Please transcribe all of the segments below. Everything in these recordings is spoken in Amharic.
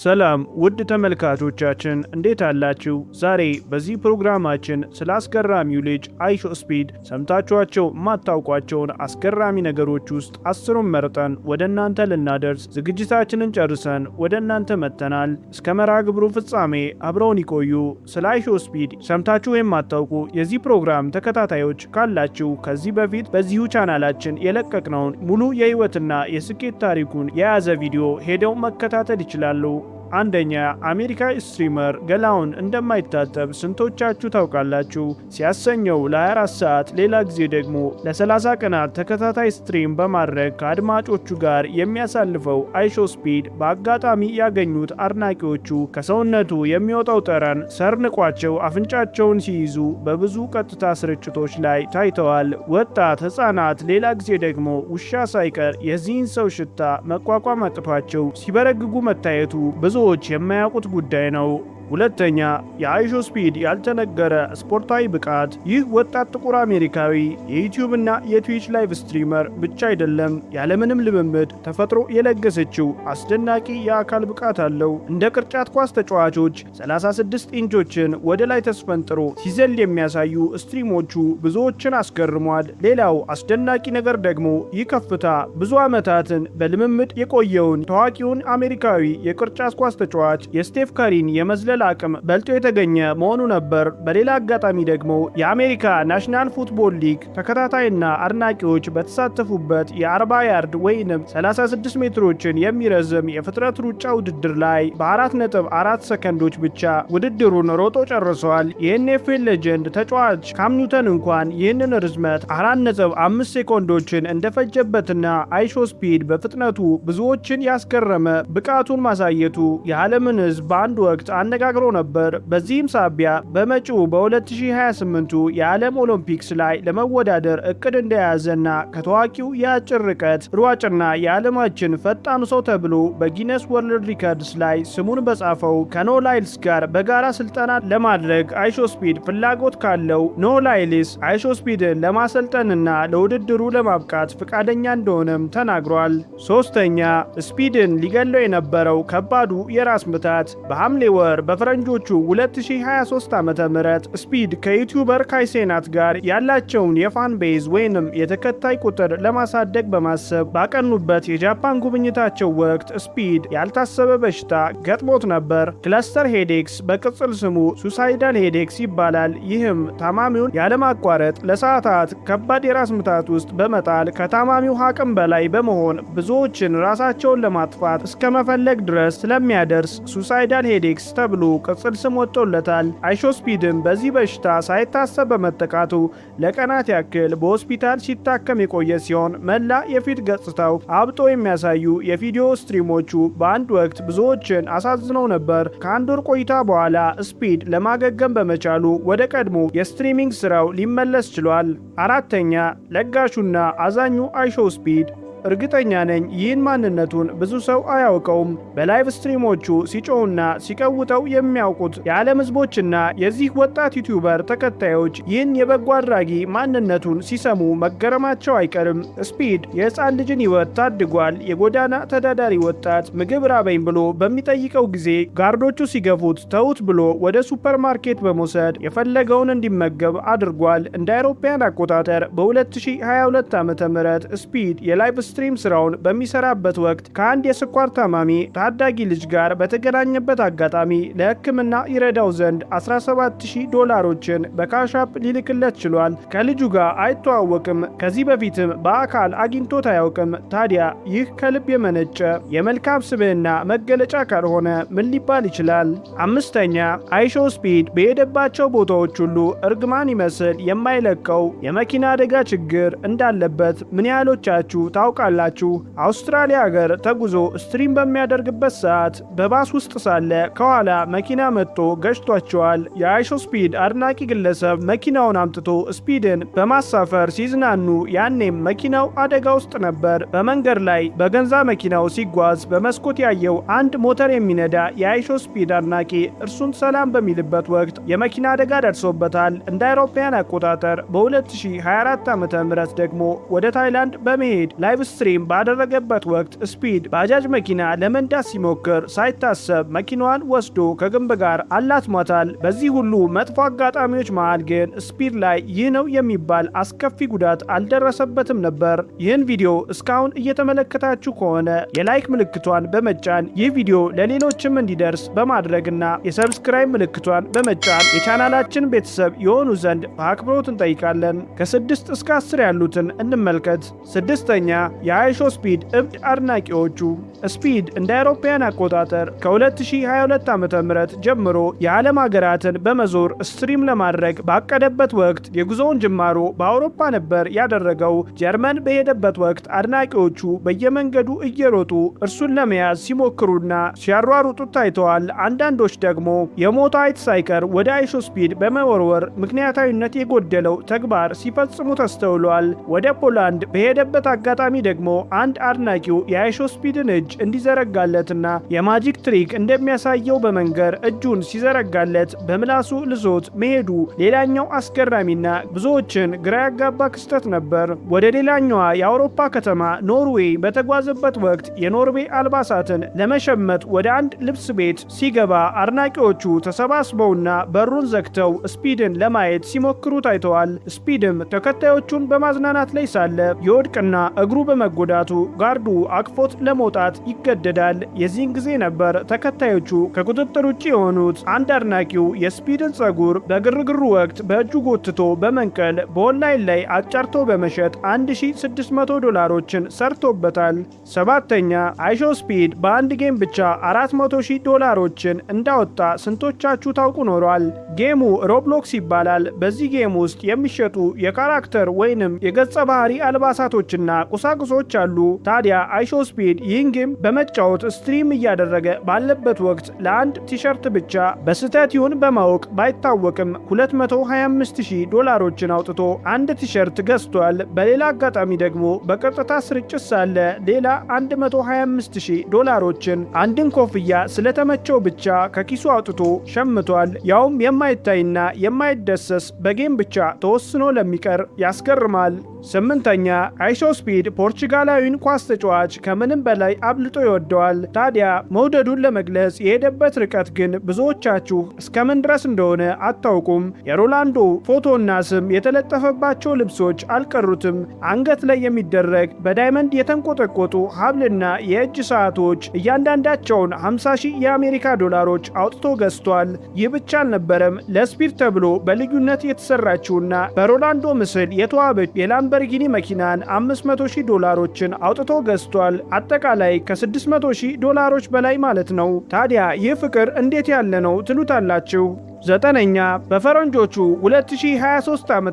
ሰላም ውድ ተመልካቾቻችን እንዴት አላችሁ? ዛሬ በዚህ ፕሮግራማችን ስለ አስገራሚው ልጅ አይሾ ስፒድ ሰምታችኋቸው የማታውቋቸውን አስገራሚ ነገሮች ውስጥ አስሩን መርጠን ወደ እናንተ ልናደርስ ዝግጅታችንን ጨርሰን ወደ እናንተ መጥተናል። እስከ መርሃ ግብሩ ፍጻሜ አብረውን ይቆዩ። ስለ አይሾ ስፒድ ሰምታችሁ የማታውቁ የዚህ ፕሮግራም ተከታታዮች ካላችሁ ከዚህ በፊት በዚሁ ቻናላችን የለቀቅነውን ሙሉ የህይወትና የስኬት ታሪኩን የያዘ ቪዲዮ ሄደው መከታተል ይችላሉ። አንደኛ አሜሪካ ስትሪመር ገላውን እንደማይታጠብ ስንቶቻችሁ ታውቃላችሁ? ሲያሰኘው ለ24 ሰዓት ሌላ ጊዜ ደግሞ ለ30 ቀናት ተከታታይ ስትሪም በማድረግ ከአድማጮቹ ጋር የሚያሳልፈው አይሾ ስፒድ በአጋጣሚ ያገኙት አድናቂዎቹ ከሰውነቱ የሚወጣው ጠረን ሰርንቋቸው አፍንጫቸውን ሲይዙ በብዙ ቀጥታ ስርጭቶች ላይ ታይተዋል። ወጣት ሕፃናት፣ ሌላ ጊዜ ደግሞ ውሻ ሳይቀር የዚህን ሰው ሽታ መቋቋም አቅቷቸው ሲበረግጉ መታየቱ ብዙ ብዙዎች የማያውቁት ጉዳይ ነው። ሁለተኛ የአይሾ ስፒድ ያልተነገረ ስፖርታዊ ብቃት። ይህ ወጣት ጥቁር አሜሪካዊ የዩቲዩብ እና የትዊች ላይቭ ስትሪመር ብቻ አይደለም፣ ያለምንም ልምምድ ተፈጥሮ የለገሰችው አስደናቂ የአካል ብቃት አለው። እንደ ቅርጫት ኳስ ተጫዋቾች 36 ኢንቾችን ወደ ላይ ተስፈንጥሮ ሲዘል የሚያሳዩ ስትሪሞቹ ብዙዎችን አስገርሟል። ሌላው አስደናቂ ነገር ደግሞ ይህ ከፍታ ብዙ ዓመታትን በልምምድ የቆየውን ታዋቂውን አሜሪካዊ የቅርጫት ኳስ ተጫዋች የስቴፍ ካሪን የመዝለ የመግደል አቅም በልጦ የተገኘ መሆኑ ነበር። በሌላ አጋጣሚ ደግሞ የአሜሪካ ናሽናል ፉትቦል ሊግ ተከታታይና አድናቂዎች በተሳተፉበት የ40 ያርድ ወይንም 36 ሜትሮችን የሚረዝም የፍጥነት ሩጫ ውድድር ላይ በ4.4 ሰከንዶች ብቻ ውድድሩን ሮጦ ጨርሰዋል። የኤንኤፍኤል ሌጀንድ ተጫዋች ካም ኒውተን እንኳን ይህንን ርዝመት 4.5 ሴኮንዶችን እንደፈጀበትና አይሾ ስፒድ በፍጥነቱ ብዙዎችን ያስገረመ ብቃቱን ማሳየቱ የዓለምን ሕዝብ በአንድ ወቅት አነጋ ተነጋግሮ ነበር። በዚህም ሳቢያ በመጪው በ2028 የዓለም ኦሎምፒክስ ላይ ለመወዳደር እቅድ እንደያዘና ከታዋቂው የአጭር ርቀት ሯጭና የዓለማችን ፈጣኑ ሰው ተብሎ በጊነስ ወርልድ ሪከርድስ ላይ ስሙን በጻፈው ከኖላይልስ ጋር በጋራ ስልጠና ለማድረግ አይሾ ስፒድ ፍላጎት ካለው ኖላይልስ ስፒድን ለማሰልጠንና ለውድድሩ ለማብቃት ፈቃደኛ እንደሆነም ተናግሯል። ሶስተኛ ስፒድን ሊገለው የነበረው ከባዱ የራስ ምታት በሐምሌ ወር በፈረንጆቹ 2023 ዓ ም ስፒድ ከዩቲዩበር ካይሴናት ጋር ያላቸውን የፋን ቤዝ ወይንም የተከታይ ቁጥር ለማሳደግ በማሰብ ባቀኑበት የጃፓን ጉብኝታቸው ወቅት ስፒድ ያልታሰበ በሽታ ገጥሞት ነበር። ክለስተር ሄዴክስ በቅጽል ስሙ ሱሳይዳል ሄዴክስ ይባላል። ይህም ታማሚውን ያለማቋረጥ ለሰዓታት ከባድ የራስ ምታት ውስጥ በመጣል ከታማሚው አቅም በላይ በመሆን ብዙዎችን ራሳቸውን ለማጥፋት እስከ መፈለግ ድረስ ስለሚያደርስ ሱሳይዳል ሄዴክስ ተብሎ ሙሉ ቅጽል ስም ወጥቶለታል። አይሾስፒድም በዚህ በሽታ ሳይታሰብ በመጠቃቱ ለቀናት ያክል በሆስፒታል ሲታከም የቆየ ሲሆን መላ የፊት ገጽታው አብጦ የሚያሳዩ የቪዲዮ ስትሪሞቹ በአንድ ወቅት ብዙዎችን አሳዝነው ነበር። ከአንድ ወር ቆይታ በኋላ ስፒድ ለማገገም በመቻሉ ወደ ቀድሞ የስትሪሚንግ ስራው ሊመለስ ችሏል። አራተኛ ለጋሹና አዛኙ አይሾ ስፒድ እርግጠኛ ነኝ ይህን ማንነቱን ብዙ ሰው አያውቀውም። በላይቭ ስትሪሞቹ ሲጮውና ሲቀውጠው የሚያውቁት የዓለም ህዝቦችና የዚህ ወጣት ዩቲዩበር ተከታዮች ይህን የበጎ አድራጊ ማንነቱን ሲሰሙ መገረማቸው አይቀርም። ስፒድ የህፃን ልጅን ሕይወት ታድጓል። የጎዳና ተዳዳሪ ወጣት ምግብ ራበኝ ብሎ በሚጠይቀው ጊዜ ጋርዶቹ ሲገፉት ተውት ብሎ ወደ ሱፐርማርኬት በመውሰድ የፈለገውን እንዲመገብ አድርጓል። እንደ አውሮፓውያን አቆጣጠር በ2022 ዓ ም ስፒድ የላይቭ ስትሪም ስራውን በሚሰራበት ወቅት ከአንድ የስኳር ታማሚ ታዳጊ ልጅ ጋር በተገናኘበት አጋጣሚ ለሕክምና ይረዳው ዘንድ 17000 ዶላሮችን በካሻፕ ሊልክለት ችሏል። ከልጁ ጋር አይተዋወቅም፣ ከዚህ በፊትም በአካል አግኝቶት አያውቅም። ታዲያ ይህ ከልብ የመነጨ የመልካም ስብዕና መገለጫ ካልሆነ ምን ሊባል ይችላል? አምስተኛ አይሾ ስፒድ በሄደባቸው ቦታዎች ሁሉ እርግማን ይመስል የማይለቀው የመኪና አደጋ ችግር እንዳለበት ምን ያህሎቻችሁ ታውቃ ታውቃላችሁ። አውስትራሊያ ሀገር ተጉዞ ስትሪም በሚያደርግበት ሰዓት በባስ ውስጥ ሳለ ከኋላ መኪና መጥቶ ገጭቷቸዋል። የአይሾ ስፒድ አድናቂ ግለሰብ መኪናውን አምጥቶ ስፒድን በማሳፈር ሲዝናኑ፣ ያኔም መኪናው አደጋ ውስጥ ነበር። በመንገድ ላይ በገንዛ መኪናው ሲጓዝ በመስኮት ያየው አንድ ሞተር የሚነዳ የአይሾ ስፒድ አድናቂ እርሱን ሰላም በሚልበት ወቅት የመኪና አደጋ ደርሶበታል። እንደ አውሮፓውያን አቆጣጠር በ2024 ዓ ም ደግሞ ወደ ታይላንድ በመሄድ ላይቭ ስትሪም ባደረገበት ወቅት ስፒድ ባጃጅ መኪና ለመንዳት ሲሞክር ሳይታሰብ መኪናዋን ወስዶ ከግንብ ጋር አላትሟታል። በዚህ ሁሉ መጥፎ አጋጣሚዎች መሃል ግን ስፒድ ላይ ይህ ነው የሚባል አስከፊ ጉዳት አልደረሰበትም ነበር። ይህን ቪዲዮ እስካሁን እየተመለከታችሁ ከሆነ የላይክ ምልክቷን በመጫን ይህ ቪዲዮ ለሌሎችም እንዲደርስ በማድረግና የሰብስክራይብ ምልክቷን በመጫን የቻናላችን ቤተሰብ የሆኑ ዘንድ በአክብሮት እንጠይቃለን። ከስድስት እስከ አስር ያሉትን እንመልከት። ስድስተኛ የአይሾ ስፒድ እብድ አድናቂዎቹ ስፒድ እንደ አውሮፓውያን አቆጣጠር ከ2022 ዓ ም ጀምሮ የዓለም ሀገራትን በመዞር ስትሪም ለማድረግ ባቀደበት ወቅት የጉዞውን ጅማሮ በአውሮፓ ነበር ያደረገው። ጀርመን በሄደበት ወቅት አድናቂዎቹ በየመንገዱ እየሮጡ እርሱን ለመያዝ ሲሞክሩና ሲያሯሩጡ ታይተዋል። አንዳንዶች ደግሞ የሞተ አይጥ ሳይቀር ወደ አይሾ ስፒድ በመወርወር ምክንያታዊነት የጎደለው ተግባር ሲፈጽሙ ተስተውሏል። ወደ ፖላንድ በሄደበት አጋጣሚ ደግሞ አንድ አድናቂው ስፒድን እጅ እንዲዘረጋለትና የማጂክ ትሪክ እንደሚያሳየው በመንገር እጁን ሲዘረጋለት በምላሱ ልዞት መሄዱ ሌላኛው አስገራሚና ብዙዎችን ግራ ያጋባ ክስተት ነበር። ወደ ሌላኛዋ የአውሮፓ ከተማ ኖርዌይ በተጓዘበት ወቅት የኖርዌይ አልባሳትን ለመሸመት ወደ አንድ ልብስ ቤት ሲገባ አድናቂዎቹ ተሰባስበውና በሩን ዘግተው ስፒድን ለማየት ሲሞክሩ ታይተዋል። ስፒድም ተከታዮቹን በማዝናናት ላይ ሳለ የወድቅና እግሩ በመጎዳቱ ጋርዱ አቅፎት ለመውጣት ይገደዳል። የዚህን ጊዜ ነበር ተከታዮቹ ከቁጥጥር ውጭ የሆኑት። አንድ አድናቂው የስፒድን ጸጉር በግርግሩ ወቅት በእጁ ጎትቶ በመንቀል በኦንላይን ላይ አጫርቶ በመሸጥ 1600 ዶላሮችን ሰርቶበታል። ሰባተኛ አይሾ ስፒድ በአንድ ጌም ብቻ 400 ሺህ ዶላሮችን እንዳወጣ ስንቶቻችሁ ታውቁ ኖሯል? ጌሙ ሮብሎክስ ይባላል። በዚህ ጌም ውስጥ የሚሸጡ የካራክተር ወይንም የገጸ ባህሪ አልባሳቶችና ቁሳቁ ቁሳቁሶች አሉ። ታዲያ አይሾ ስፒድ ይህን ጌም በመጫወት ስትሪም እያደረገ ባለበት ወቅት ለአንድ ቲሸርት ብቻ በስህተት ይሁን በማወቅ ባይታወቅም 225000 ዶላሮችን አውጥቶ አንድ ቲሸርት ገዝቷል። በሌላ አጋጣሚ ደግሞ በቀጥታ ስርጭት ሳለ ሌላ 125000 ዶላሮችን አንድን ኮፍያ ስለተመቸው ብቻ ከኪሱ አውጥቶ ሸምቷል። ያውም የማይታይና የማይደሰስ በጌም ብቻ ተወስኖ ለሚቀር ያስገርማል። ስምንተኛ አይሾ ስፒድ ፖርቹጋላዊን ኳስ ተጫዋች ከምንም በላይ አብልጦ ይወደዋል። ታዲያ መውደዱን ለመግለጽ የሄደበት ርቀት ግን ብዙዎቻችሁ እስከምን ድረስ እንደሆነ አታውቁም። የሮላንዶ ፎቶና ስም የተለጠፈባቸው ልብሶች አልቀሩትም። አንገት ላይ የሚደረግ በዳይመንድ የተንቆጠቆጡ ሀብልና የእጅ ሰዓቶች እያንዳንዳቸውን 50 ሺህ የአሜሪካ ዶላሮች አውጥቶ ገዝቷል። ይህ ብቻ አልነበረም። ለስፒድ ተብሎ በልዩነት የተሰራችውና በሮላንዶ ምስል የተዋበች የላምበርጊኒ መኪናን 500 ሺህ ዶላር ዶላሮችን አውጥቶ ገዝቷል። አጠቃላይ ከ600 ሺህ ዶላሮች በላይ ማለት ነው። ታዲያ ይህ ፍቅር እንዴት ያለ ነው ትሉታላችሁ። ዘጠነኛ በፈረንጆቹ 2023 ዓ ም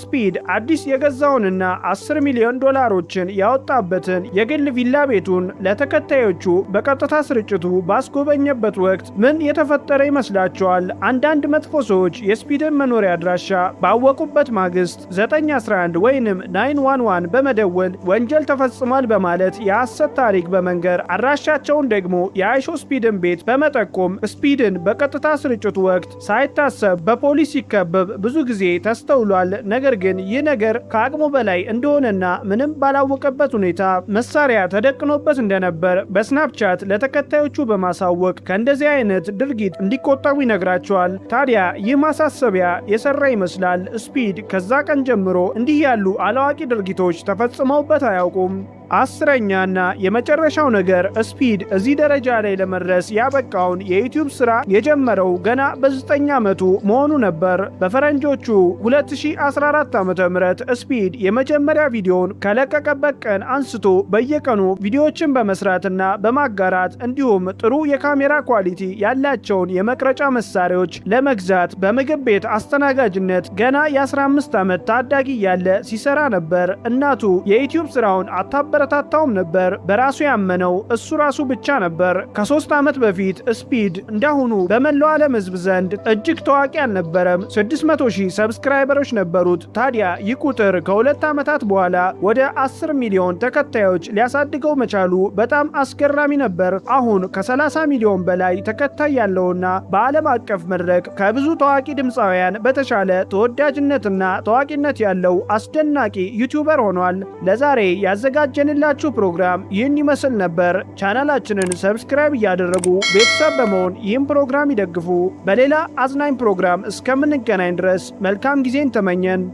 ስፒድ አዲስ የገዛውንና 10 ሚሊዮን ዶላሮችን ያወጣበትን የግል ቪላ ቤቱን ለተከታዮቹ በቀጥታ ስርጭቱ ባስጎበኘበት ወቅት ምን የተፈጠረ ይመስላቸዋል? አንዳንድ መጥፎ ሰዎች የስፒድን መኖሪያ አድራሻ ባወቁበት ማግስት 911 ወይንም 911 በመደወል ወንጀል ተፈጽሟል በማለት የሐሰት ታሪክ በመንገር አድራሻቸውን ደግሞ የአይሾ ስፒድን ቤት በመጠቆም ስፒድን በቀጥታ ስርጭቱ ወቅት ወቅት ሳይታሰብ በፖሊስ ሲከበብ ብዙ ጊዜ ተስተውሏል። ነገር ግን ይህ ነገር ከአቅሙ በላይ እንደሆነና ምንም ባላወቀበት ሁኔታ መሳሪያ ተደቅኖበት እንደነበር በስናፕቻት ለተከታዮቹ በማሳወቅ ከእንደዚህ አይነት ድርጊት እንዲቆጠቡ ይነግራቸዋል። ታዲያ ይህ ማሳሰቢያ የሰራ ይመስላል። ስፒድ ከዛ ቀን ጀምሮ እንዲህ ያሉ አላዋቂ ድርጊቶች ተፈጽመውበት አያውቁም። አስረኛና የመጨረሻው ነገር ስፒድ እዚህ ደረጃ ላይ ለመድረስ ያበቃውን የዩቲዩብ ስራ የጀመረው ገና በዘጠኝ 9 ዓመቱ መሆኑ ነበር። በፈረንጆቹ 2014 ዓ ም ስፒድ የመጀመሪያ ቪዲዮውን ከለቀቀበት ቀን አንስቶ በየቀኑ ቪዲዮዎችን በመስራትና በማጋራት እንዲሁም ጥሩ የካሜራ ኳሊቲ ያላቸውን የመቅረጫ መሳሪያዎች ለመግዛት በምግብ ቤት አስተናጋጅነት ገና የ15 ዓመት ታዳጊ እያለ ሲሰራ ነበር። እናቱ የዩቲዩብ ስራውን አታበ ያበረታታውም ነበር። በራሱ ያመነው እሱ ራሱ ብቻ ነበር። ከሶስት ዓመት በፊት ስፒድ እንዳሁኑ በመላው ዓለም ህዝብ ዘንድ እጅግ ታዋቂ አልነበረም። 600 ሺህ ሰብስክራይበሮች ነበሩት። ታዲያ ይህ ቁጥር ከሁለት ዓመታት በኋላ ወደ 10 ሚሊዮን ተከታዮች ሊያሳድገው መቻሉ በጣም አስገራሚ ነበር። አሁን ከ30 ሚሊዮን በላይ ተከታይ ያለውና በዓለም አቀፍ መድረክ ከብዙ ታዋቂ ድምፃውያን በተሻለ ተወዳጅነትና ታዋቂነት ያለው አስደናቂ ዩቲዩበር ሆኗል። ለዛሬ ያዘጋጀን የያዝንላችሁ ፕሮግራም ይህን ይመስል ነበር። ቻናላችንን ሰብስክራይብ እያደረጉ ቤተሰብ በመሆን ይህን ፕሮግራም ይደግፉ። በሌላ አዝናኝ ፕሮግራም እስከምንገናኝ ድረስ መልካም ጊዜን ተመኘን።